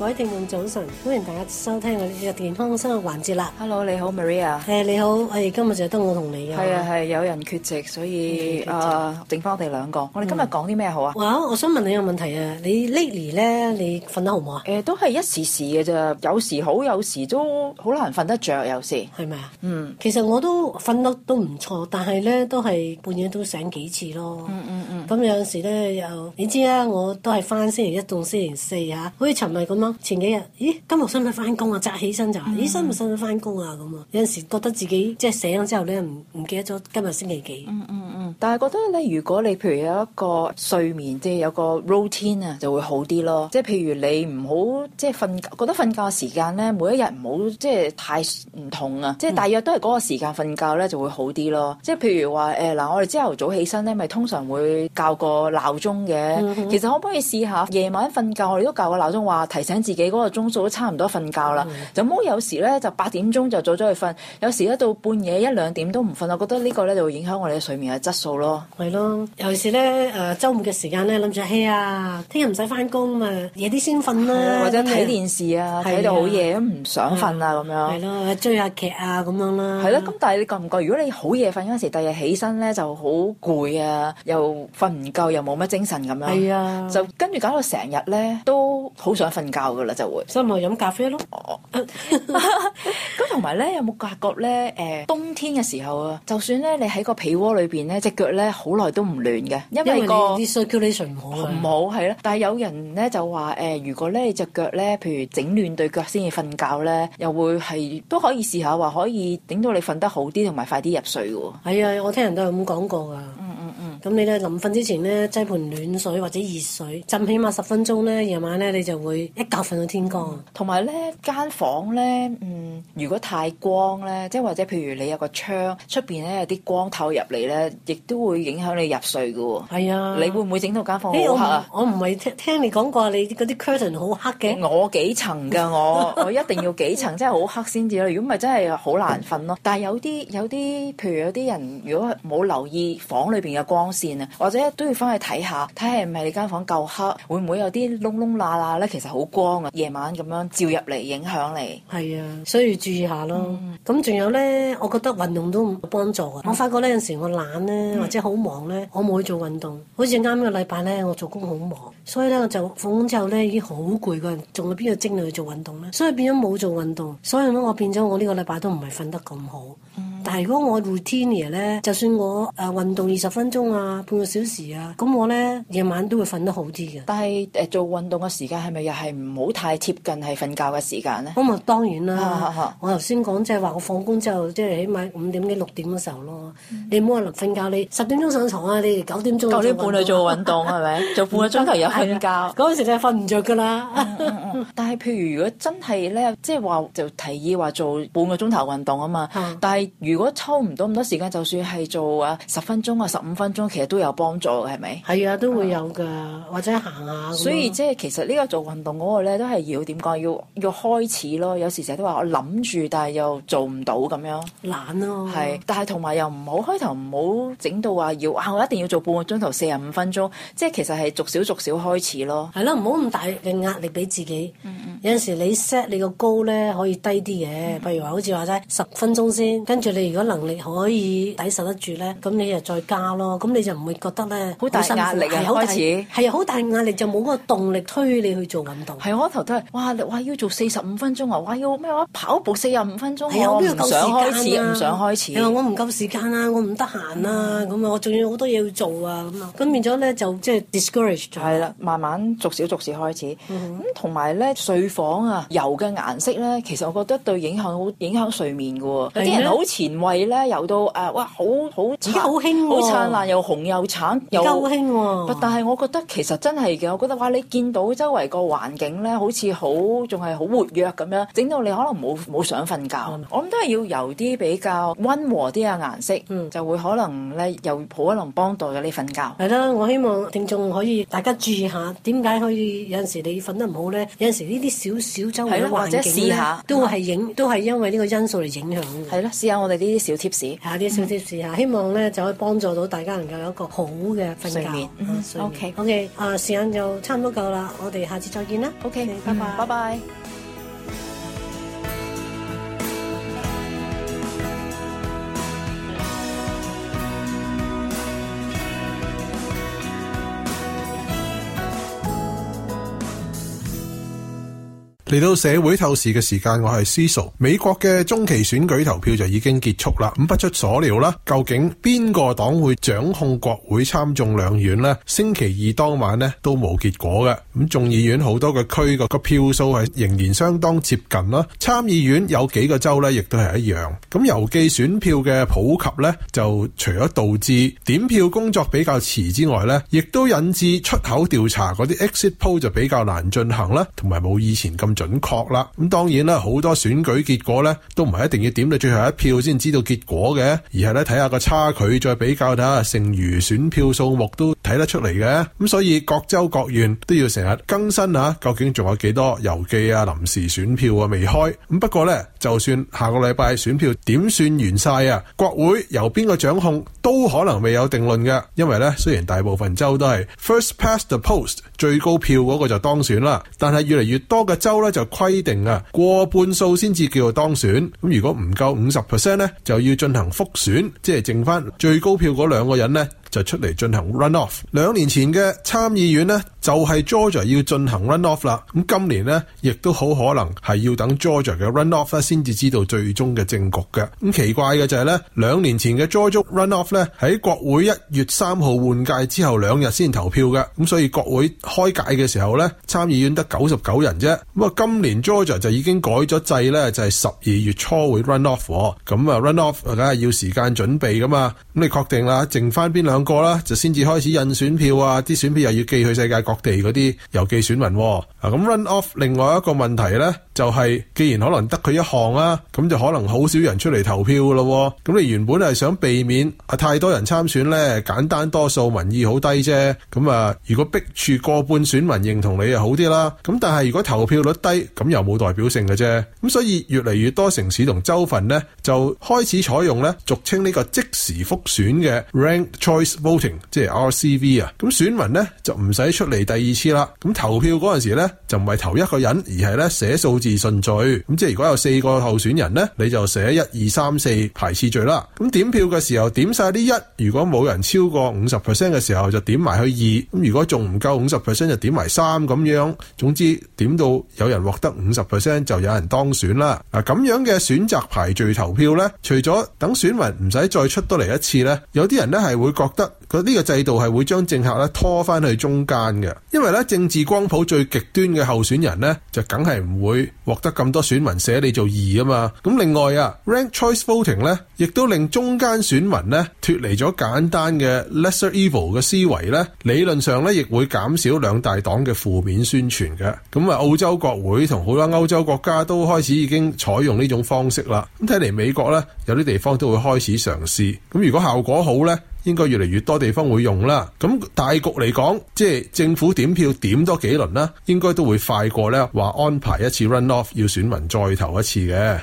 各位聽眾早晨，歡迎大家收聽我哋嘅健康生活環節啦。Hello，你好 Maria。誒、哎，你好，我、哎、哋今日就係得我同你嘅。係啊，係、啊、有人缺席，所以、嗯、啊，剩翻我哋兩個。我哋今日講啲咩好啊、嗯？我想問你一個問題啊，你 Lily 咧，你瞓得好唔好啊？誒，都係一時時嘅啫，有時好，有時都好難瞓得着，有時係咪啊？吧嗯，其實我都瞓得都唔錯，但係咧都係半夜都醒幾次咯。嗯嗯嗯。咁、嗯嗯、有陣時咧又，你知啦，我都係翻星期一到星期四吓，好似尋日咁樣。前幾日，咦？今日使唔使翻工啊？扎起身就話、是，咦、嗯？使唔使翻工啊？咁啊，有陣時覺得自己即係醒咗之後咧，唔唔記得咗今日星期幾。嗯嗯嗯。但係覺得咧，如果你譬如有一個睡眠即係有個 routine 啊，就會好啲咯。即係譬如你唔好即係瞓覺，覺得瞓覺時間咧，每一日唔好即係太唔同啊。嗯、即係大約都係嗰個時間瞓覺咧，就會好啲咯。即係譬如話誒嗱，我哋朝頭早起身咧，咪通常會校個鬧鐘嘅。嗯、其實可唔可以試下夜晚瞓覺我，我哋都校個鬧鐘話提醒。自己嗰個鐘數都差唔多，瞓覺啦。就冇有時咧，就八點鐘就早咗去瞓；有時一到半夜一兩點都唔瞓。我覺得呢個咧就會影響我哋嘅睡眠嘅質素咯。係咯，尤其是咧誒，周末嘅時間咧，諗住嘿啊，聽日唔使翻工啊，夜啲先瞓啦，或者睇電視啊，睇到好夜都唔想瞓啊，咁樣係咯，追下劇啊，咁樣啦。係咯，咁但係你覺唔覺？如果你好夜瞓嗰陣時，第二日起身咧就好攰啊，又瞓唔夠，又冇乜精神咁樣。係啊，就跟住搞到成日咧都好想瞓覺。噶啦，就會，所以咪飲咖啡咯。咁同埋咧，有冇發覺咧？誒、呃，冬天嘅時候啊，就算咧你喺個被窩裏邊咧，隻腳咧好耐都唔暖嘅，因為、嗰個啲 circulation 唔好啊，唔、哦、好係咯。但係有人咧就話誒、呃，如果咧隻腳咧，譬如整暖對腳先至瞓覺咧，又會係都可以試下話可以令到你瞓得好啲，同埋快啲入睡嘅喎。係啊，我聽人都係咁講過噶。咁你咧臨瞓之前咧，擠盆暖水或者熱水浸，起碼十分鐘咧，夜晚咧你就會一覺瞓到天光。同埋咧間房咧，嗯，如果太光咧，即係或者譬如你有個窗出邊咧有啲光透入嚟咧，亦都會影響你入睡㗎喎、哦。係啊，你會唔會整到間房好黑啊？欸、我唔係聽聽你講過，你嗰啲 curtain 好黑嘅。我幾層㗎我， 我一定要幾層，真係好黑先至啊！如果唔係真係好難瞓咯。但係有啲有啲，譬如有啲人如果冇留意房裏邊嘅光。啊，或者都要翻去睇下，睇係唔係你間房夠黑，會唔會有啲窿窿罅罅咧？其實好光啊，夜晚咁樣照入嚟影響你，係啊，所以要注意下咯。咁仲、嗯、有咧，我覺得運動都唔幫助嘅。嗯、我發覺呢，有陣時我懶咧，嗯、或者好忙咧，我冇去做運動。好似啱呢個禮拜咧，我做工好忙，嗯、所以咧我就放工之後咧已經好攰嘅，仲有邊個精力去做運動咧？所以變咗冇做運動，所以咧我變咗我呢個禮拜都唔係瞓得咁好。嗯但係如果我 routine 咧，就算我誒運動二十分鐘啊，半個小時啊，咁我咧夜晚都會瞓得好啲嘅。但係誒做運動嘅時間係咪又係唔好太貼近係瞓覺嘅時間咧？咁啊當然啦，啊啊、我頭先講即係話我放工之後即係、就是、起碼五點幾六點嘅時候咯，嗯、你冇可能瞓覺，你十點鐘上床啊，你哋九點鐘九點半去做運動係咪？ 做半個鐘頭又瞓覺，嗰陣、嗯哎、時就瞓唔着㗎啦。 但係譬如如果真係咧，即係話就提議話做半個鐘頭運動啊嘛，嗯、但係。如果抽唔到咁多時間，就算係做啊十分鐘啊十五分鐘，其實都有幫助嘅，係咪？係啊、嗯，都會有㗎，或者行下。所以即係樣其實呢個做運動嗰個咧，都係要點講？要要開始咯。有時成日都話我諗住，但係又做唔到咁樣，懶咯、啊。係，但係同埋又唔好開頭唔好整到話要啊！我一定要做半個鐘頭四十五分鐘，即係其實係逐少逐少開始咯。係啦，唔好咁大嘅壓力俾自己。嗯嗯，有陣時你 set 你個高咧可以低啲嘅，譬、嗯、如話好似話齋十分鐘先，跟住你。如果能力可以抵受得住咧，咁你又再加咯，咁你就唔會覺得咧好大壓力啊開始？係啊，好大，大壓力就冇嗰個動力推你去做運動。係我頭都係，哇！話要做四十五分鐘啊，話要咩話跑步四十五分鐘、啊哎呀，我唔、啊、想開始，唔、啊、想開始。哎、呀我唔夠時間啊，我唔得閒啊，咁啊、嗯，我仲要好多嘢要做啊，咁啊，咁變咗咧就即係 discourage 咗。係啦，慢慢逐少逐少開始。咁同埋咧睡房啊，油嘅顏色咧，其實我覺得對影響好影響睡眠嘅喎。有啲人好遲。的位咧，由到誒、呃，哇，好好，而家好興喎，好燦爛又紅又橙又夠興喎，但係我覺得其實真係嘅，我覺得哇，你見到周圍個環境咧，好似好仲係好活躍咁樣，整到你可能冇冇想瞓覺。嗯、我諗都係要由啲比較溫和啲嘅顏色，嗯，就會可能咧又好可能幫助咗你瞓覺。係啦、嗯，我希望聽眾可以大家注意下，點解可以有陣時你瞓得唔好咧？有陣時呢啲少少周圍，小小小周圍或者試下，都係影都係因為呢個因素嚟影響嘅。係啦，試下我哋。呢啲小貼士吓，啲小貼士吓，希望咧就可以幫助到大家能夠有一個好嘅瞓覺。O K O K，啊，時間就差唔多夠啦，我哋下次再見啦。O K，拜拜，拜拜。拜拜。嚟到社會透視嘅時間，我係思熟。美國嘅中期選舉投票就已經結束啦。咁不出所料啦，究竟邊個黨會掌控國會參眾兩院呢？星期二當晚呢都冇結果嘅。咁眾議院好多嘅區個票數係仍然相當接近啦。參議院有幾個州呢亦都係一樣。咁郵寄選票嘅普及呢，就除咗導致點票工作比較遲之外呢，亦都引致出口調查嗰啲 exit poll 就比較難進行啦，同埋冇以前咁。準確啦，咁當然啦，好多選舉結果咧都唔係一定要點到最後一票先知道結果嘅，而係咧睇下個差距，再比較下剩餘選票數目都睇得出嚟嘅。咁，嗯，所以各州各縣都要成日更新吓啊，究竟仲有幾多郵寄啊、臨時選票啊未開？咁不過咧。就算下個禮拜選票點算完晒啊，國會由邊個掌控都可能未有定論嘅，因為咧雖然大部分州都係 first past the post 最高票嗰個就當選啦，但係越嚟越多嘅州咧就規定啊過半數先至叫做當選，咁如果唔夠五十 percent 咧就要進行複選，即係剩翻最高票嗰兩個人咧。就出嚟進行 run off。兩年前嘅參議院呢，就係、是、Georgia 要進行 run off 啦。咁今年呢，亦都好可能係要等 Georgia 嘅 run off 咧，先至知道最終嘅政局嘅。咁奇怪嘅就係呢，兩年前嘅 Georgia run off 呢，喺國會一月三號換屆之後兩日先投票嘅。咁所以國會開屆嘅時候呢，參議院得九十九人啫。咁啊，今年 Georgia 就已經改咗制呢，就係十二月初會 run off。咁、嗯、啊，run off 梗係要時間準備噶嘛。咁、嗯、你確定啦，剩翻邊兩？過啦，就先至開始印選票啊，啲選票又要寄去世界各地嗰啲郵寄選民。啊，咁 run off，另外一個問題咧。就係，既然可能得佢一項啦，啊，咁就可能好少人出嚟投票咯。咁你原本係想避免啊太多人參選咧，簡單多數民意好低啫。咁啊，如果逼住過半選民認同你啊，好啲啦。咁但係如果投票率低，咁又冇代表性嘅啫。咁所以越嚟越多城市同州份咧，就開始採用咧，俗稱呢個即時複選嘅 ranked choice voting，即係 RCV 啊。咁選民咧就唔使出嚟第二次啦。咁投票嗰陣時咧，就唔係投一個人，而係咧寫數字。次順序，咁即係如果有四個候選人呢，你就寫一二三四排次序啦。咁點票嘅時候，點晒啲一，如果冇人超過五十 percent 嘅時候就2，就點埋去二。咁如果仲唔夠五十 percent，就點埋三咁樣。總之點到有人獲得五十 percent，就有人當選啦。嗱，咁樣嘅選擇排序投票呢，除咗等選民唔使再出多嚟一次呢，有啲人呢係會覺得。佢呢個制度係會將政客咧拖翻去中間嘅，因為咧政治光譜最極端嘅候選人咧，就梗係唔會獲得咁多選民寫你做二啊嘛。咁另外啊，Ranked Choice Voting 咧，亦都令中間選民咧脫離咗簡單嘅 lesser evil 嘅思維咧，理論上咧亦會減少兩大黨嘅負面宣傳嘅。咁、嗯、啊，澳洲國會同好多歐洲國家都開始已經採用呢種方式啦。咁睇嚟美國咧，有啲地方都會開始嘗試。咁、嗯、如果效果好咧？應該越嚟越多地方會用啦，咁大局嚟講，即係政府點票點多幾輪啦、啊，應該都會快過呢話安排一次 runoff 要選民再投一次嘅。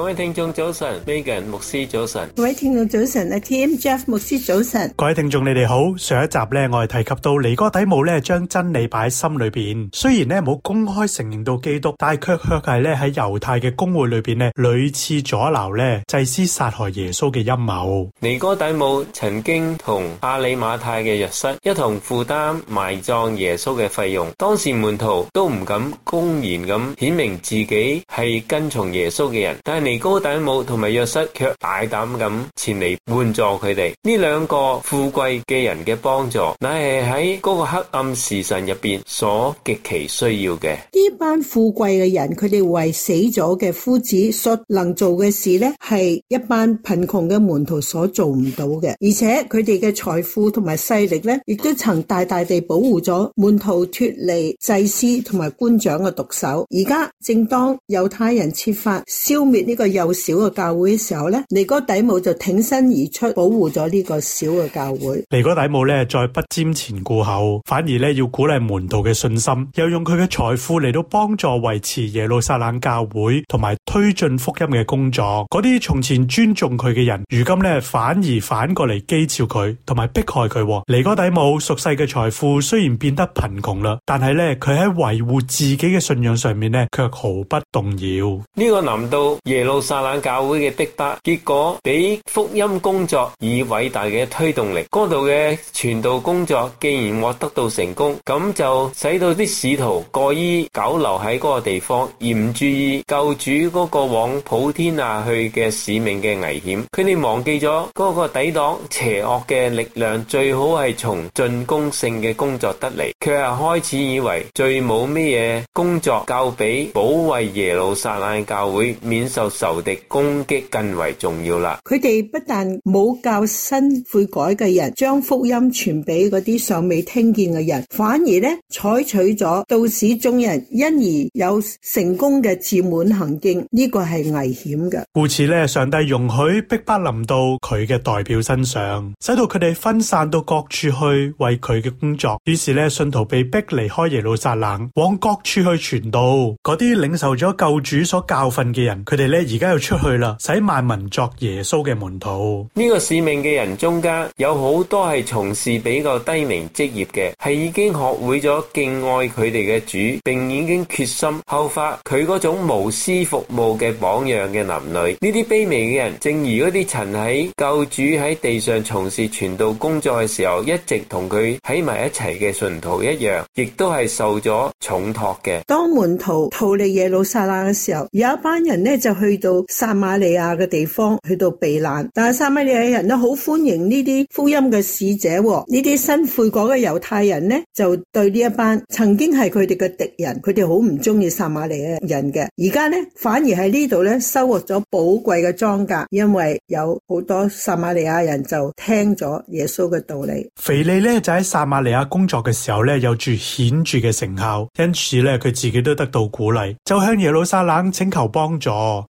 各位聽眾早晨，Megan 牧師早晨，各位聽眾早晨啊，T.M.Jeff 牧師早晨，各位聽眾你哋好。上一集咧，我哋提及到尼哥底母咧，將真理擺喺心裏邊，雖然咧冇公開承認到基督，但係卻卻係咧喺猶太嘅公會裏邊咧屢次阻撓咧祭司殺害耶穌嘅陰謀。尼哥底母曾經同阿里馬太嘅約瑟一同負擔埋葬耶穌嘅費用，當時門徒都唔敢公然咁顯明自己係跟從耶穌嘅人，但係你。哥底母同埋約瑟卻大膽咁前嚟援助佢哋。呢兩個富貴嘅人嘅幫助，乃係喺嗰個黑暗時辰入邊所極其需要嘅。呢班富貴嘅人，佢哋為死咗嘅夫子所能做嘅事呢，係一班貧窮嘅門徒所做唔到嘅。而且佢哋嘅財富同埋勢力呢，亦都曾大大地保護咗門徒脫離祭司同埋官長嘅毒手。而家正當猶太人設法消滅。呢個幼小嘅教會嘅時候呢，尼哥底母就挺身而出，保護咗呢個小嘅教會。尼哥底母呢，再不瞻前顧後，反而呢要鼓勵門徒嘅信心，又用佢嘅財富嚟到幫助維持耶路撒冷教會同埋推進福音嘅工作。嗰啲從前尊重佢嘅人，如今呢反而反過嚟譏嘲佢，同埋迫害佢。尼哥底母俗世嘅財富雖然變得貧窮啦，但係呢，佢喺維護自己嘅信仰上面呢，卻毫不動搖。呢個諗到耶路撒冷教會嘅逼迫，結果俾福音工作以偉大嘅推動力。嗰度嘅傳道工作既然獲得到成功，咁就使到啲使徒過於久留喺嗰個地方，而唔注意救主嗰個往普天下去嘅使命嘅危險。佢哋忘記咗嗰個抵擋邪惡嘅力量最好係從進攻性嘅工作得嚟，佢係開始以為最冇咩嘢工作夠俾保衛耶路撒冷教會免受。受的攻擊更為重要啦。佢哋不但冇教新悔改嘅人將福音傳俾嗰啲尚未聽見嘅人，反而咧採取咗到使眾人因而有成功嘅自滿行徑。呢個係危險嘅。故此咧，上帝容許逼不臨到佢嘅代表身上，使到佢哋分散到各處去為佢嘅工作。於是咧，信徒被逼離開耶路撒冷，往各處去傳道。嗰啲領受咗救主所教訓嘅人，佢哋咧。而家要出去啦，使萬民作耶穌嘅門徒。呢個使命嘅人中間有好多係從事比較低微職業嘅，係已經學會咗敬愛佢哋嘅主，並已經決心效法佢嗰種無私服務嘅榜樣嘅男女。呢啲卑微嘅人，正如嗰啲曾喺救主喺地上從事傳道工作嘅時候，一直同佢喺埋一齊嘅信徒一樣，亦都係受咗重託嘅。當門徒逃離耶路撒冷嘅時候，有一班人呢就去。去到撒瑪利亞嘅地方去到避難，但係撒瑪利亞人都好歡迎呢啲福音嘅使者，哦，呢啲新悔改嘅猶太人呢，就對呢一班曾經係佢哋嘅敵人，佢哋好唔中意撒瑪利亞人嘅，而家呢，反而喺呢度呢，收穫咗寶貴嘅莊稼，因為有好多撒瑪利亞人就聽咗耶穌嘅道理。腓利呢，就喺撒瑪利亞工作嘅時候呢，有住顯著嘅成效，因此呢，佢自己都得到鼓勵，就向耶路撒冷請求幫助。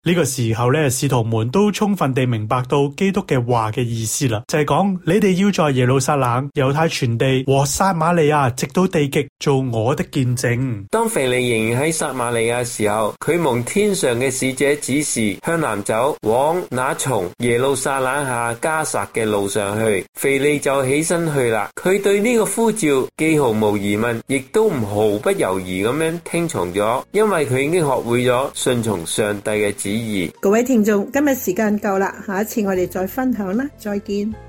呢個時候咧，使徒們都充分地明白到基督嘅話嘅意思啦，就係、是、講，你哋要在耶路撒冷、猶太全地和撒瑪利亞，直到地極做我的見證。當腓利仍然喺撒瑪利亞時候，佢蒙天上嘅使者指示向南走，往那從耶路撒冷下加撒嘅路上去。腓利就起身去啦，佢對呢個呼召既毫無疑問，亦都唔毫不猶豫咁樣聽從咗，因為佢已經學會咗順從上帝嘅指。各位聽眾，今日時間夠啦，下一次我哋再分享啦，再見。